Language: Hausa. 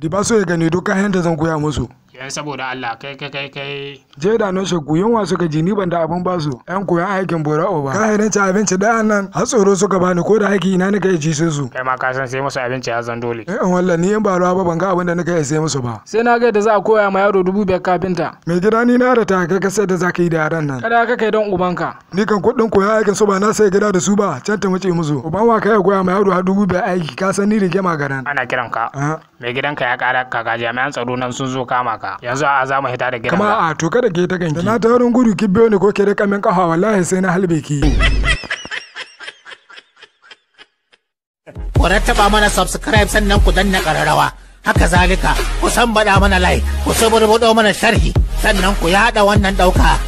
da ba su gani duk kayan da zan koya musu yan eh, saboda Allah kai kai kai kai je da nan shugu yunwa suka ji ni ban da abin ba su yan koyan aikin bora oba kai idan ci abinci da nan har tsoro suka bani ko da aiki ina nika ji su su kai ma ka san sai musu abinci ya zan dole eh in wallahi ni yan ba ruwa ba ban ga abin da nika yi sai musu ba sai na ga da za a koya ma yaro dubu biyar kafinta me gida ni na rata ka kasa da za ka yi da yaran nan kada ka kai don ubanka ni kan kuɗin koyan aikin su ba na sai gida da su ba can ta mace musu uban wa kai koya ma yaro har dubu biyar aiki ka san ni ma garan ana kiran ka ah. mai gidanka ya kara ka ga jami'an tsaro nan sun zo kama ka ba yanzu a za mu hita da gidan kama a to kada ke ta ganki na ta wurin gudu kibbe ne ko ke da kamin kafa wallahi sai na halbe ki ku rattaɓa mana subscribe sannan ku danna kararrawa haka zalika ku san bada mana like ku saburbudo mana sharhi sannan ku yada wannan dauka